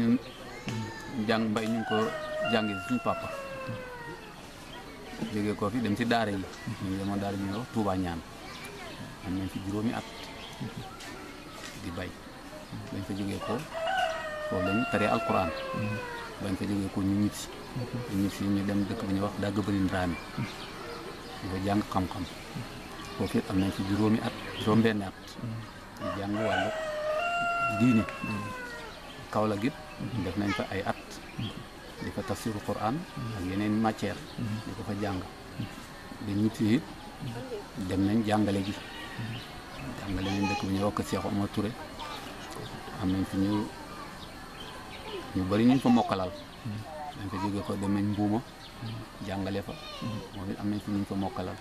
ñun jàng mbay ñu ngi ko jàngi si suñu papa jógee koo fi dem si daara yi ñu demoon daara ñu wax Touba ñaan am nañ fi juróomi at di bay bañ fa jógee ko foofu lañ taree alquran bañ fa jógee ko ñu ñib ñu ñib si ñu dem dëkk bu ñuy wax dagg bërin raami di fa jàng xam-xam foofu am nañ fi juróomi at juróom benn at di jàng wàllu diine kaw la it def nañ fa ay at li fa tafsiru Qur'an ak yeneen matière li ko fa jàng ba ñitti it dem nañ jàngale ji jàngale nañ dëkk bu ñuy wax Cheikh Omar am nañ fi ñu ñu bari ñu fa mokkalal dañ fa jógee ko dem nañ mbuuma jàngale fa moom am nañ fi ñu fa mokkalal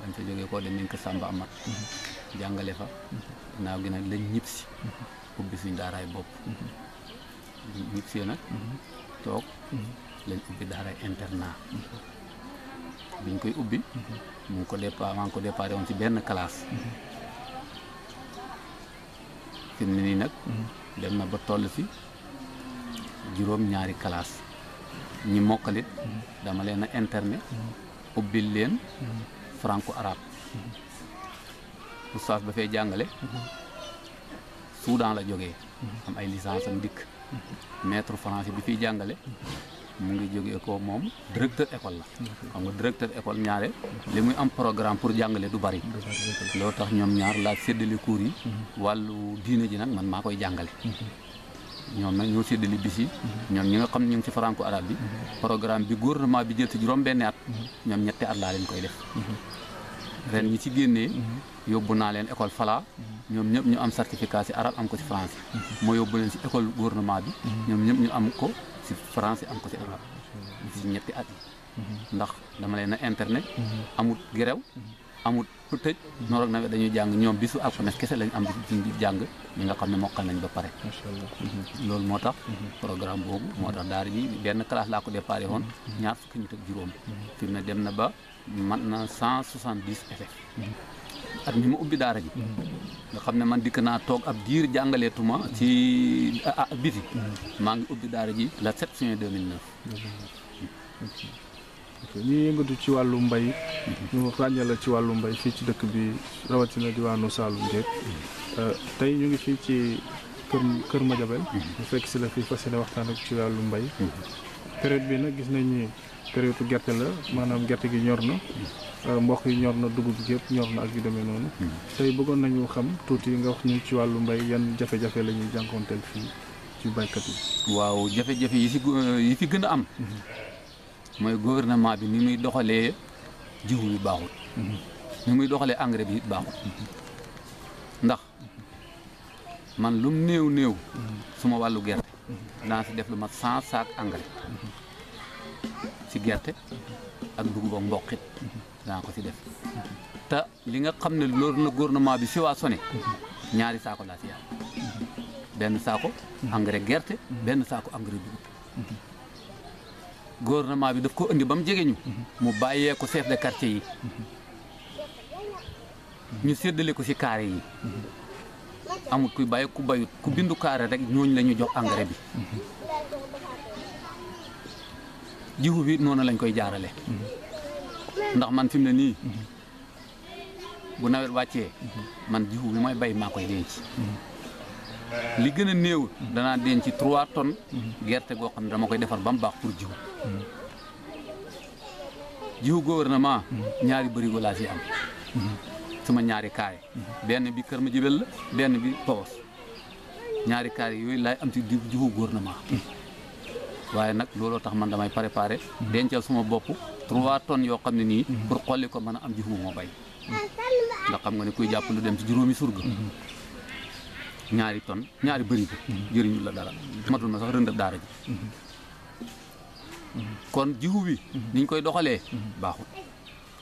dañ fa jógee ko dem nañ ko Samba Amat jàngale fa ginnaaw gi nag lañ ñibbisi ubbi suñ daaraay bopp ñi fii nag mhm. toog mhm. lañ ubbi daara internat mhm. biñ koy ubbi mu ngi ko départ maa ngi ko départé woon ci benn kalaas fi ne nii nag dem na ba toll fi juróom ñaari classe ñi mokkalit dama leen a internet ubbi leen franco arabe oustaz ba fay jàngale Soudan la jógee am ay licence am dikk maître français bi fiy jàngale mu ngi jóge ko moom directeur école la xam nga directeur école ñaare li muy am programme pour jàngale du bari loo tax ñoom ñaar laa séddale cours yi wàllu diine ji nag man maa koy jàngale ñoom nag ñoo séddale bis yi ñoom ñi nga xam ne ñu ngi ci franco arabe bi programme bi gouvernement bi jël ci juróom benn at ñoom ñetti at laa leen koy def ren ñi ci génnee mhm. yóbbu naa leen école Fala mhm. ñoom ñëpp ñu am certificat ci arabe am ko ci français mhm. moo yóbbu leen ci école gouvernement bi ñoom ñëpp ñu am ko ci français am ko ci arabe ci ñetti at ndax dama leen a internet amul gerew amut ku tëj noor na nawet dañuy jàng ñoom bisu alxames kese lañ am di jàng ñi nga xam ne mokkal nañ ba pare mhm. loolu moo tax programme boobu moo tax daara ji benn classe laa ko déparé woon mhm. ñaar fukki nit ak juróom mhm. fi mu ne dem na ba man na cent soixante dix effet at mi ma ubbi daara ji nga xam ne man dikk naa toog ab diir jàngaleetuma ci ah, ah, biti maa ngi ubbi daara ji la sept juin 2009 ñuy yëngatu ci wàllu mbay ñu ràññee la ci wàllu mbay fii ci dëkk bi rawatina diwaanu Saalum Dieg tey ñu ngi fii ci kër kër Madiabel ñu fekk si la fii fas yéene waxtaan ak ci wàllu mbay période bi nag gis nañ ni période gerte la maanaam gerte gi ñor na mboq yi ñor na dugub gi yëpp ñor na ak yu demee noonu tey bëggoon nañu xam tuuti nga wax ñu ci wàllu mbay yan jafe-jafe la ñuy jànkonteel fii ci baykat yi waaw jafe-jafe yi fi gën a am mooy gouvernement bi ni muy doxalee jiw bi baaxul ni muy doxalee engrais bi it ndax man lum néew néew suma wàllu gerte naa si def lu mat cent saak engrais si gerte ak dugub ak mboq it daa ko si def te li nga xam ne loolu na gouvernement bi si waa Soné ñaari saako laa si yàlla benn saako engrais gerte benn saako engrais dugub gouvernement bi daf ko indi ba mu jege mu bàyyee ko chef de yi. ñu séddale ko ci carré yi. amul kuy bàyyi ku bayut ku bindu carré rek ñooñu la jox engrais bi. jiwu bi noonu lañ koy jaarale ndax man fi mu nii. bu nawet wàccee. man jiwu bi may bay maa koy denc. li gën a néew danaa denc ci trois tonnes gerte goo xam ne dama koy defar ba mu baax pour jiw jiw gouvernement ñaari bërigo laa ci am sama ñaari kaay benn bi kër ma jibel la benn bi pawos ñaari kaay yooyu laay am ci jiwu gouvernement waaye nag looloo tax man damay préparé dencal suma bopp trois tonnes yoo xam ne nii pour xolli ko mën a am jiwu moo bay ndax xam nga ne kuy jàpp lu dem ci juróomi surga ñaari ton ñaari bërigo jëriñu la dara matul ma sax rëndal daara ji kon jiwu bi niñ koy doxalee baaxul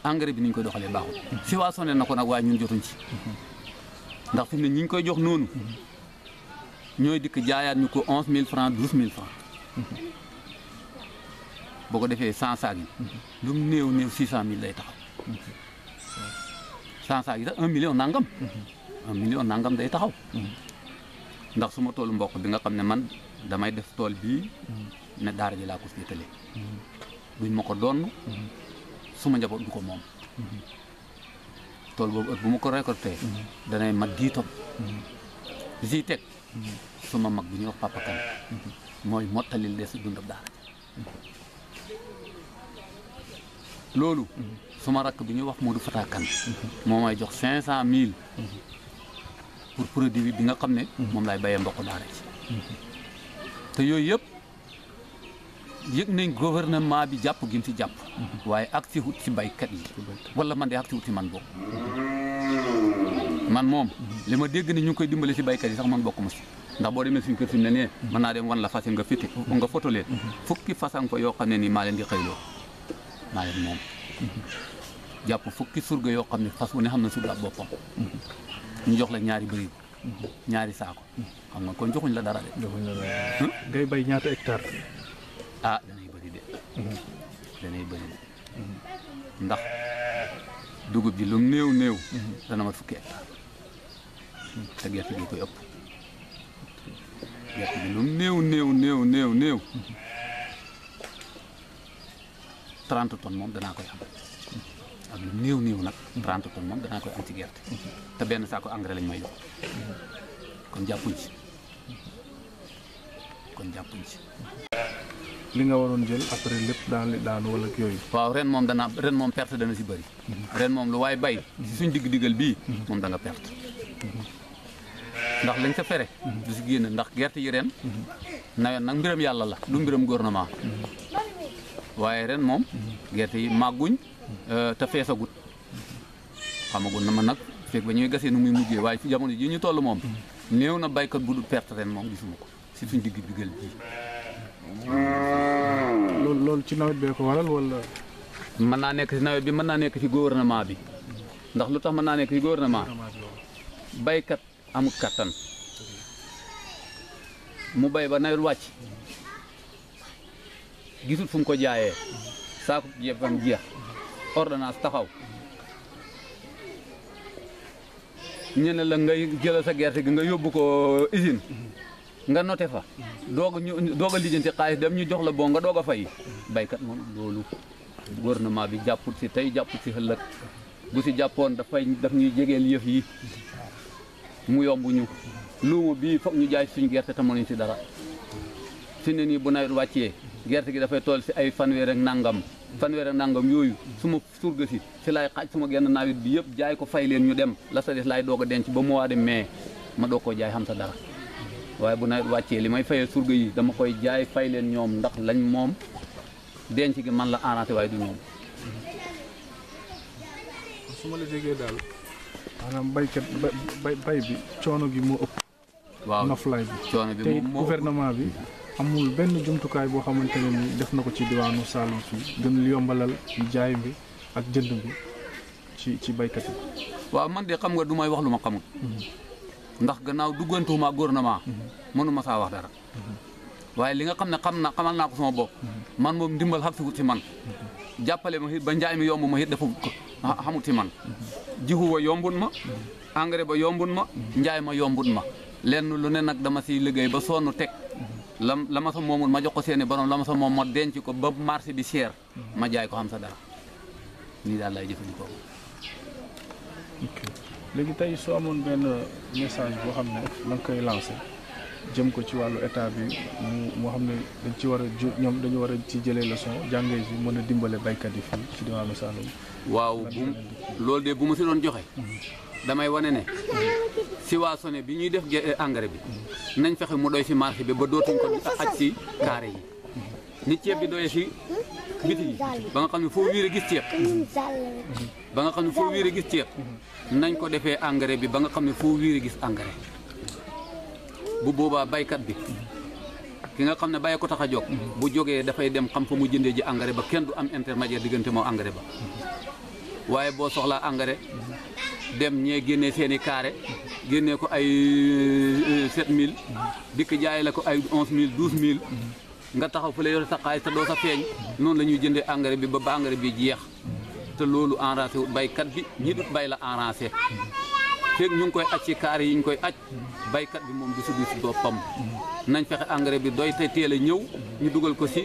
engrais bi niñ koy doxalee baaxul Fiwa sonné na ko nag waaye ñun jotuñ ci ndax fi ne ñi ngi koy jox noonu ñooy dikk jaayaat ñu ko onze mille francs douze mille francs boo ko defee cent saag yi lu mu néew néew six day taxaw cent saag yi sax un million nangam un million nangam day taxaw ndax suma ma toolu mboq bi nga xam ne man damay def tool bii mm-hmm. ne daara ji laa ko féetale duñ mm-hmm. ma ko doon mm-hmm. su ma njaboot du ko moom tool boobu ëpp bu ma ko récolté danay mat dix tonnes bi siy teg suma mag bu ñuy wax papa kan mooy mottalil des dundab daara ji loolu su rakk bi ñuy wax Modou Fata Kan moo may jox cinq cent mille pour produit bi nga xam ne. Mhm. moom laay béyee mboq daara ci. Mhm. te yooyu yëpp yëg nañ gouvernement bi jàpp gi mu ci jàpp. Mhm. waaye ak si wut ci baykat yi. wala man de ak ci wut ci man boobu. man moom li ma dégg ni ñu ngi koy dimbale si baykat yi sax man bokk ma si ndax boo demee suñu kër fi ne nee mën naa dem wan la fase nga fitte nga foto leen fukki façon fa yoo xam ne nii maa leen di xëyloo maa leen moom jàpp fukki surge yoo xam ne fas wu ne xam na surga boppam ñu jox la ñaari bëri ñaari saako. xam nga kon joxuñ la dara de. joxuñ hmm? bay ñaata hectare. ah danay bëri de. danay bëri ndax dugub ji lu néew néew. dana mat fukki hectare. te gerte gi koy ëpp. gerte gi lu néew néew néew néew néew. 30 moom danaa koy am. ak lu néew néew nag. 30 tonnes moom danaa koy am ci gerte. te benn saako engrais lañ may jox. kon jàppu ci kon jàppuñ ci. li nga waroon jël après lépp daan li daanu wala ak yooyu. waaw ren moom dana ren moom perte dana si bëri. ren moom lu waay bay. si suñ digg-diggal bii. moom da nga perte. ndax lañ sa fere. du si génn ndax gerte yi ren. nawet nag mbiram yàlla la du mbiram gouvernement. waaye ren moom gerte yi màgguñ euh, te feesagut xamagun na ma nag feeg ba ñuy gasee ni muy mujjee waaye ci jamono ji ñu toll moom néew na baykat bu du perte ren moom gisuma ko si suñ digg diggal ji loolu loolu ci nawet bee ko waral wala mën naa nekk si nawet bi mën naa nekk si gouvernement bi ndax lu tax mën naa nekk si gouvernement baykat amul kattan mu bay ba nawet wàcc gisul fu mu ko jaayee saako jëfam jeex ordonnance taxaw ñu ne la ngay jëlal sa gerte gi nga yóbbu ko uh, usine nga noté fa doog ñu doog a lijjanti xaalis dem ñu jox la boo nga doog a fay baykat moom loolu gouvernement bi jàpput si tey jàpput si ëllëg bu si jàppoon dafay daf ñuy jegeel yëf yi mu yomb ñu luuma bii foog ñu jaay suñu gerte te mënuñ si dara si ne nii bu nawet wàccee gerte gi dafay tool si ay fanweer ak nangam fanweer ak nangam yooyu su ma surga si si laay xaaj su ma genn nawet bi yëpp jaay ko fay leen ñu dem la sa des laay doog a denc ba mois de mai ma doog koo jaay xam sa dara waaye bu nawet wàccee li may fayee surga yi dama koy jaay fay leen ñoom ndax lañ moom denc gi man la arrangé waaye du ñoom su ma la déggee daal maanaam baykat bay bi coono gi moo ëpp waaw noflaay bi bi amul benn jumtukaay boo xamante ne ni def na ko ci diwaanu Saloum fii gën yombalal jaay bi ak jënd bi ci ci baykat yi. waaw man de xam nga du may wax lu ma xamul. Mhm. ndax gannaaw duggantuwuma gouvernement. Mhm. mënuma saa wax dara. Mhm. waaye li nga xam ne xam na xamal naa ko sama bopp. man moom ndimbal xam si man. jàppale ma it ba njaay mi yomb ma it dafa ko xamut si man. jiwu ba yombun ma. engrais ba yombun ma. njaay ma yombun ma. lenn lu ne nag dama siy liggéey ba sonn teg. lam la ma sa ma jox ko seeni borom la ma sa moom ma denc ko ba marché bi cher ma jaay ko xam sa dara nii daal lay jëfandikoo ok léegi tey soo amoon benn message boo xam ne la nga koy lancé jëm ko ci wàllu état bi mu moo xam ne dañ ci war a ju ñoom dañu war ci jëlee leçon jàngee ji mën a dimbale baykat yi fii ci diwaanu Saloum waaw bu loolu de bu ma si doon joxe mhm. damay wane ne mhm. si waa Soné bi ñuy def eh, engrais bi nañ fexe mu doy si marché bi ba dootuñ ko aj si carré yi nit ceeb bi doyee si biti yi ba nga xam ne foo wiire gis ba nga xam ne foo gis ceeb nañ ko defee engrais bi ba nga xam ne foo wiir a gis engrais bu boobaa baykat bi ki nga xam ne bay ko tax a jóg bu jógee dafay dem xam fa mu jëndee ji engrais ba kenn du am intermédiaire diggante moo engrais ba waaye boo soxlaa engrais dem ñee génnee seen i carré génnee ko ay euh, euh, set 7000 dikk jaay la ko ay 11000 12000 nga taxaw fa la yore sa xaalis te doo sa feeñ noonu la ñuy jëndee engrais bi ba ba engrais bi jeex te loolu enrancé wut baykat bi ñi dut bay la enrancé feeg ñu ngi koy aj ci carré yi ñu koy aj baykat bi moom du si gis boppam nañ fexe engrais bi doy te teel a ñëw ñu dugal ko si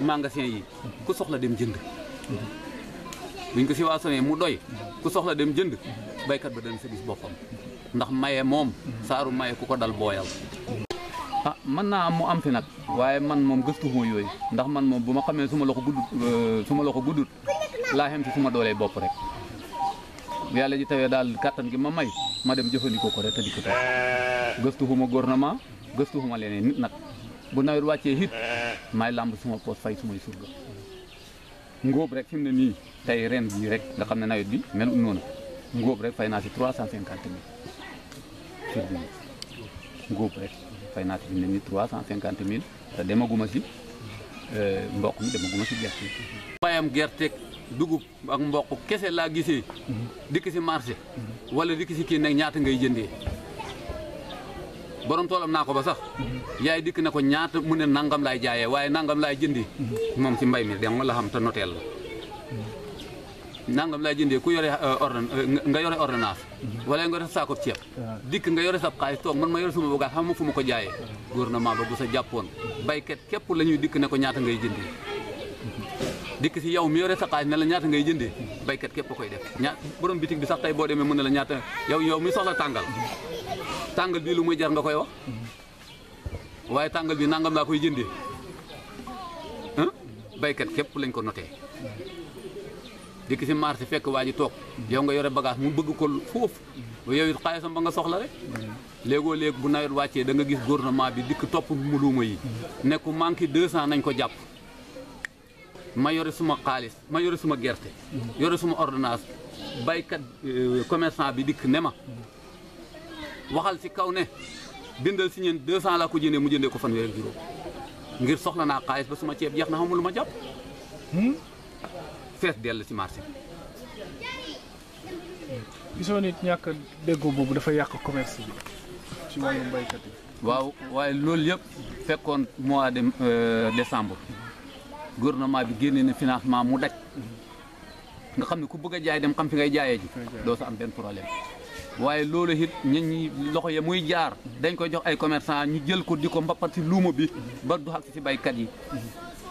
magasin yi ku soxla dem jënd buñ ko subventionné mu doy ku soxla dem jënd baykat ba dana si gis boppam ndax maye moom saaru maye ku ko dal booyal ah mën naa am mu am fi nag waaye man moom gëstu gëstuwuma yooyu ndax man moom bu ma xamee su ma loxo guddut euh, su ma loxo guddut laa xem si su ma doolee bopp rek yàlla ji tawee daal kàttan gi ma may ma dem jëfandikoo ko rek te di ko tey gëstuwuma gouvernement gëstuwuma leneen nit nag bu nawet wàccee hit may làmb suma poos fay sumay surga ngóob rek fi mu ne nii tey ren bii rek nga xam ne nawet bi mel noonu ngóob rek fay naa si trois cent cinquante mille sur ngóob rek fay naa si fi mu cent cinquante mille te demaguma si euh, mboq mi demaguma si gerte bayam gerte dugub ak mboq kese laa gisee mhm. dikk si marché wala dikk si kii nag ñaata ngay jëndee borom toolam naa ko ba sax yaay dikk na ko ñaata mu ne nangam lay jaaye waaye nangam laay jëndi moom ci mbay mi dem la xam te noteel la nangam laay jëndee ku yore euh, ordon euh, nga yore ordonnance wala nga yore saako ceeb dikk nga yore sab xaalis toog mën ma yore suma bagaas xam ma fu ma ko jaayee gouvernement ba bu sa jàppoon baykat képp la ñuy dikk ne ko ñaata ngay jëndi dikk si yow mi yore sa xaaj ne la ñaata ngay jënde béykat képp koy def ñaa borom bitig bi sax tey boo demee mën na la ñaata yow yow mi soxla tàngal tàngal bii lu muy jar nga koy wax waaye tàngal bi nangam laa koy jënde baykat képp lañ ko notee dikk si marché fekk waa ji toog yow nga yore bagage mu bëgg ko foofu yow it xaalisam ba nga soxla rek léegoo léeg bu nawet wàccee da nga gis gouvernement bi dikk topp mu luuma yi nekku manqué deux cent nañ ko jàpp ma yore suma xaalis ma yore suma gerte yore suma ordonnance baykat euh, commerçant bi dikk ne ma waxal ci kaw ne bindal si ñeen deux cent laa ko jëndee mu jëndee ko fanweer ak juróom ngir soxla naa xaalis ba suma ceeb jeex na xamul lu ma jàpp hmm? fees dell si marché bi gisoo nit ñàkk déggoo boobu dafa yàq commerce bi ci wàllum waaw waaye loolu yëpp fekkoon mois de euh, décembre gouvernement bi génne na financement mu daj nga xam ne ku bëgg a jaay dem xam fi ngay jaaye ji doo sa am benn problème waaye loolu it ñun ñi loxo yi muy jaar dañ koy jox ay commerçant ñu jël ko di ko mbappat si luuma bi ba du xag si baykat yi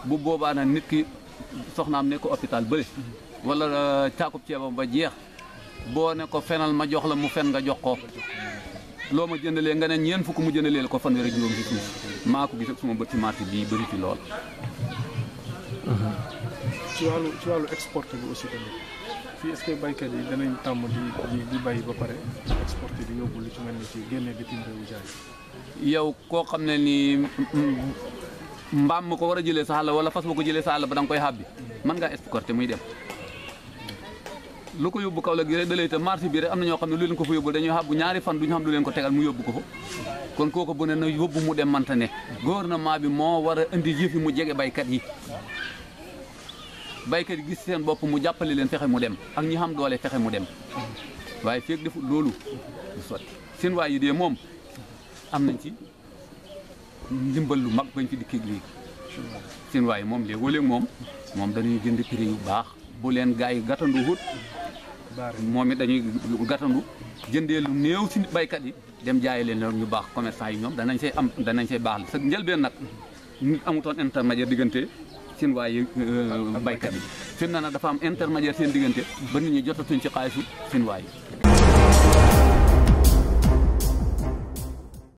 bu boobaa nag nit ki soxnaam ne ko hôpital bële wala euh, caakub ceebam ba jeex boo ne ko fenal ma jox la mu fen nga jox ko loo ma jëndalee nga ne ñeen fukk mu jëndalee ko fanweeri juróom si suuf maa ko gis suma bët si marché ci lool ci wàllu ci wàllu exporte bi aussi tamit fii est-ce que baykat yi danañ tàmm di di bay ba pare exporté di yóbbu lu ci mel ni ci génne bitim réew jaay. yow koo xam ne nii mbaam ma ko war a jëlee sa àll wala fas ma ko jëlee sa àll ba danga nga koy xàbbi mën ngaa exporté muy dem. lu ko yóbbu Kaolack gi rek dalee te marché bi rek am na ñoo xam ne lu leen ko fa yóbbu dañuy xàbbu ñaari fan du ñu xam lu leen ko tegal mu yóbbu ko fa kon kooku bu na yóbbu mu dem mante ne gouvernement bi moo war a indi yëfi mu jege baykat yi baykat yi gis seen bopp mu jàppale leen fexe mu dem ak ñi xam doole fexe mu dem waaye feeg defu loolu du seen waay yi dee moom am nañ ci ndimbal lu mag bañ ci dikkee léegi seen waay yi moom léegoo léeg moom moom dañuy jënd prix yu baax bu leen gaa yi gàttandu wut moom it dañuy gàttandu jëndee lu néew si baykat yi dem jaayi leen ñu baax commerçant yi ñoom danañ say am danañ say baax la sa njëlbeen nag amutoon intermédiaire diggante seen waayu euh, baykat yi fi mu na dafa am intermédiaire seen diggante ba nit ñi jotatuñ ci xaalisu seen waayu